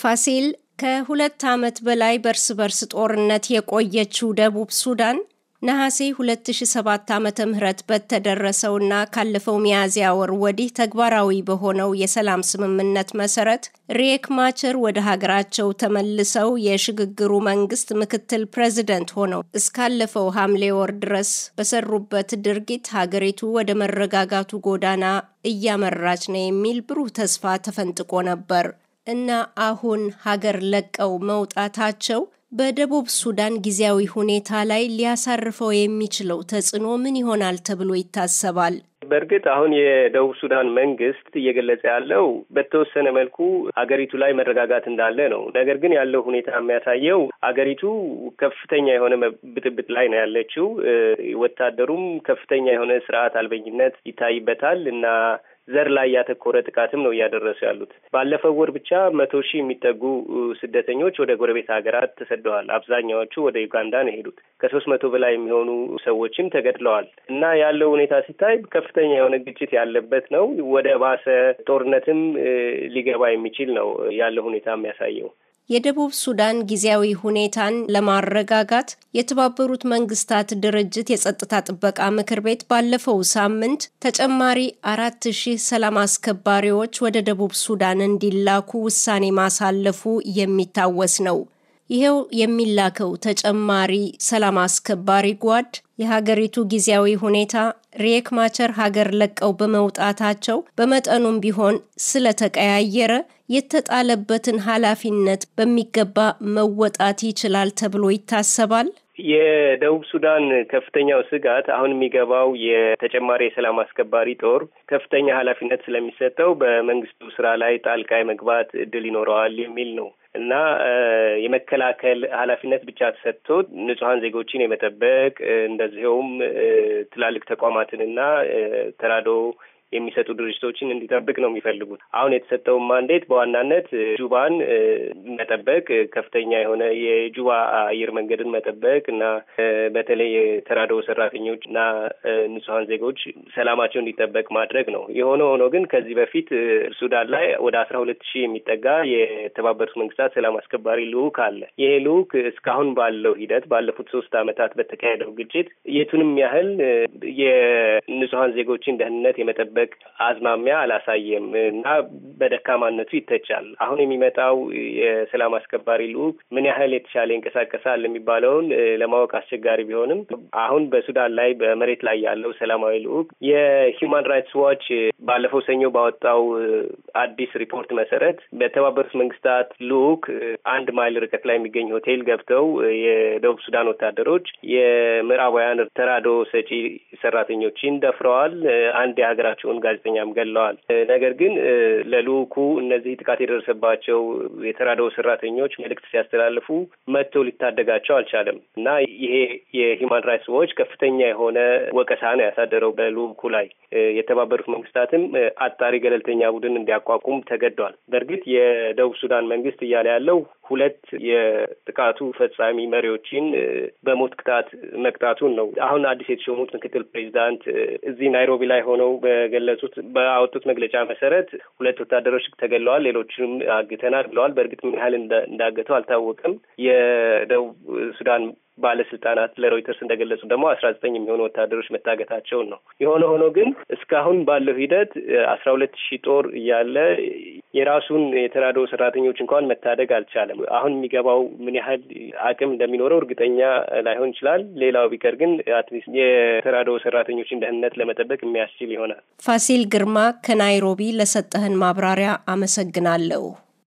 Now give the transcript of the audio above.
ፋሲል ከሁለት ዓመት በላይ በርስ በርስ ጦርነት የቆየችው ደቡብ ሱዳን ነሐሴ 2007 ዓ ም በተደረሰውና ካለፈው ሚያዝያ ወር ወዲህ ተግባራዊ በሆነው የሰላም ስምምነት መሰረት ሪየክ ማቸር ወደ ሀገራቸው ተመልሰው የሽግግሩ መንግስት ምክትል ፕሬዚደንት ሆነው እስካለፈው ሐምሌ ወር ድረስ በሰሩበት ድርጊት ሀገሪቱ ወደ መረጋጋቱ ጎዳና እያመራች ነው የሚል ብሩህ ተስፋ ተፈንጥቆ ነበር። እና አሁን ሀገር ለቀው መውጣታቸው በደቡብ ሱዳን ጊዜያዊ ሁኔታ ላይ ሊያሳርፈው የሚችለው ተጽዕኖ ምን ይሆናል ተብሎ ይታሰባል? በእርግጥ አሁን የደቡብ ሱዳን መንግስት እየገለጸ ያለው በተወሰነ መልኩ አገሪቱ ላይ መረጋጋት እንዳለ ነው። ነገር ግን ያለው ሁኔታ የሚያሳየው አገሪቱ ከፍተኛ የሆነ ብጥብጥ ላይ ነው ያለችው። ወታደሩም ከፍተኛ የሆነ ስርዓት አልበኝነት ይታይበታል እና ዘር ላይ ያተኮረ ጥቃትም ነው እያደረሱ ያሉት። ባለፈው ወር ብቻ መቶ ሺህ የሚጠጉ ስደተኞች ወደ ጎረቤት ሀገራት ተሰደዋል። አብዛኛዎቹ ወደ ዩጋንዳ ነው የሄዱት። ከሶስት መቶ በላይ የሚሆኑ ሰዎችም ተገድለዋል እና ያለው ሁኔታ ሲታይ ከፍተኛ የሆነ ግጭት ያለበት ነው። ወደ ባሰ ጦርነትም ሊገባ የሚችል ነው ያለው ሁኔታ የሚያሳየው። የደቡብ ሱዳን ጊዜያዊ ሁኔታን ለማረጋጋት የተባበሩት መንግስታት ድርጅት የጸጥታ ጥበቃ ምክር ቤት ባለፈው ሳምንት ተጨማሪ አራት ሺህ ሰላም አስከባሪዎች ወደ ደቡብ ሱዳን እንዲላኩ ውሳኔ ማሳለፉ የሚታወስ ነው። ይኸው የሚላከው ተጨማሪ ሰላም አስከባሪ ጓድ የሀገሪቱ ጊዜያዊ ሁኔታ ሪየክ ማቸር ሀገር ለቀው በመውጣታቸው በመጠኑም ቢሆን ስለተቀያየረ የተጣለበትን ኃላፊነት በሚገባ መወጣት ይችላል ተብሎ ይታሰባል። የደቡብ ሱዳን ከፍተኛው ስጋት አሁን የሚገባው የተጨማሪ የሰላም አስከባሪ ጦር ከፍተኛ ኃላፊነት ስለሚሰጠው በመንግስቱ ስራ ላይ ጣልቃ መግባት እድል ይኖረዋል የሚል ነው እና የመከላከል ኃላፊነት ብቻ ተሰጥቶ ንጹሐን ዜጎችን የመጠበቅ እንደዚሁም ትላልቅ ተቋማትንና ተራዶ የሚሰጡ ድርጅቶችን እንዲጠብቅ ነው የሚፈልጉት። አሁን የተሰጠውን ማንዴት በዋናነት ጁባን መጠበቅ፣ ከፍተኛ የሆነ የጁባ አየር መንገድን መጠበቅ እና በተለይ የተራድኦ ሰራተኞች እና ንጹሐን ዜጎች ሰላማቸው እንዲጠበቅ ማድረግ ነው። የሆነ ሆኖ ግን ከዚህ በፊት ሱዳን ላይ ወደ አስራ ሁለት ሺህ የሚጠጋ የተባበሩት መንግስታት ሰላም አስከባሪ ልዑክ አለ። ይሄ ልዑክ እስካሁን ባለው ሂደት ባለፉት ሶስት አመታት በተካሄደው ግጭት የቱንም ያህል የንጹሐን ዜጎችን ደህንነት የመጠበቅ የመውደቅ አዝማሚያ አላሳየም እና በደካማነቱ ይተቻል። አሁን የሚመጣው የሰላም አስከባሪ ልዑክ ምን ያህል የተሻለ ይንቀሳቀሳል የሚባለውን ለማወቅ አስቸጋሪ ቢሆንም አሁን በሱዳን ላይ በመሬት ላይ ያለው ሰላማዊ ልዑክ የሂውማን ራይትስ ዋች ባለፈው ሰኞ ባወጣው አዲስ ሪፖርት መሰረት በተባበሩት መንግስታት ልዑክ አንድ ማይል ርቀት ላይ የሚገኝ ሆቴል ገብተው የደቡብ ሱዳን ወታደሮች የምዕራባውያን ተራድኦ ሰጪ ሰራተኞችን ደፍረዋል። አንድ የሀገራቸው ያላቸውን ጋዜጠኛም ገለዋል። ነገር ግን ለልዑኩ እነዚህ ጥቃት የደረሰባቸው የተራድኦ ሰራተኞች መልእክት ሲያስተላልፉ መጥተው ሊታደጋቸው አልቻለም እና ይሄ የሂማን ራይትስ ዎች ከፍተኛ የሆነ ወቀሳ ነው ያሳደረው በልዑኩ ላይ። የተባበሩት መንግስታትም አጣሪ ገለልተኛ ቡድን እንዲያቋቁም ተገዷል። በእርግጥ የደቡብ ሱዳን መንግስት እያለ ያለው ሁለት የጥቃቱ ፈጻሚ መሪዎችን በሞት ቅጣት መቅጣቱን ነው። አሁን አዲስ የተሾሙት ምክትል ፕሬዚዳንት እዚህ ናይሮቢ ላይ ሆነው በገለጹት በአወጡት መግለጫ መሰረት ሁለት ወታደሮች ተገለዋል፣ ሌሎችንም አግተናል ብለዋል። በእርግጥ ምን ያህል እንዳገተው አልታወቅም። የደቡብ ሱዳን ባለስልጣናት ለሮይተርስ እንደገለጹ ደግሞ አስራ ዘጠኝ የሚሆኑ ወታደሮች መታገታቸውን ነው። የሆነ ሆኖ ግን እስካሁን ባለው ሂደት አስራ ሁለት ሺህ ጦር እያለ የራሱን የተራዶ ሰራተኞች እንኳን መታደግ አልቻለም። አሁን የሚገባው ምን ያህል አቅም እንደሚኖረው እርግጠኛ ላይሆን ይችላል። ሌላው ቢቀር ግን አትሊስት የተራድኦ ሰራተኞችን ደህንነት ለመጠበቅ የሚያስችል ይሆናል። ፋሲል ግርማ ከናይሮቢ ለሰጠህን ማብራሪያ አመሰግናለሁ።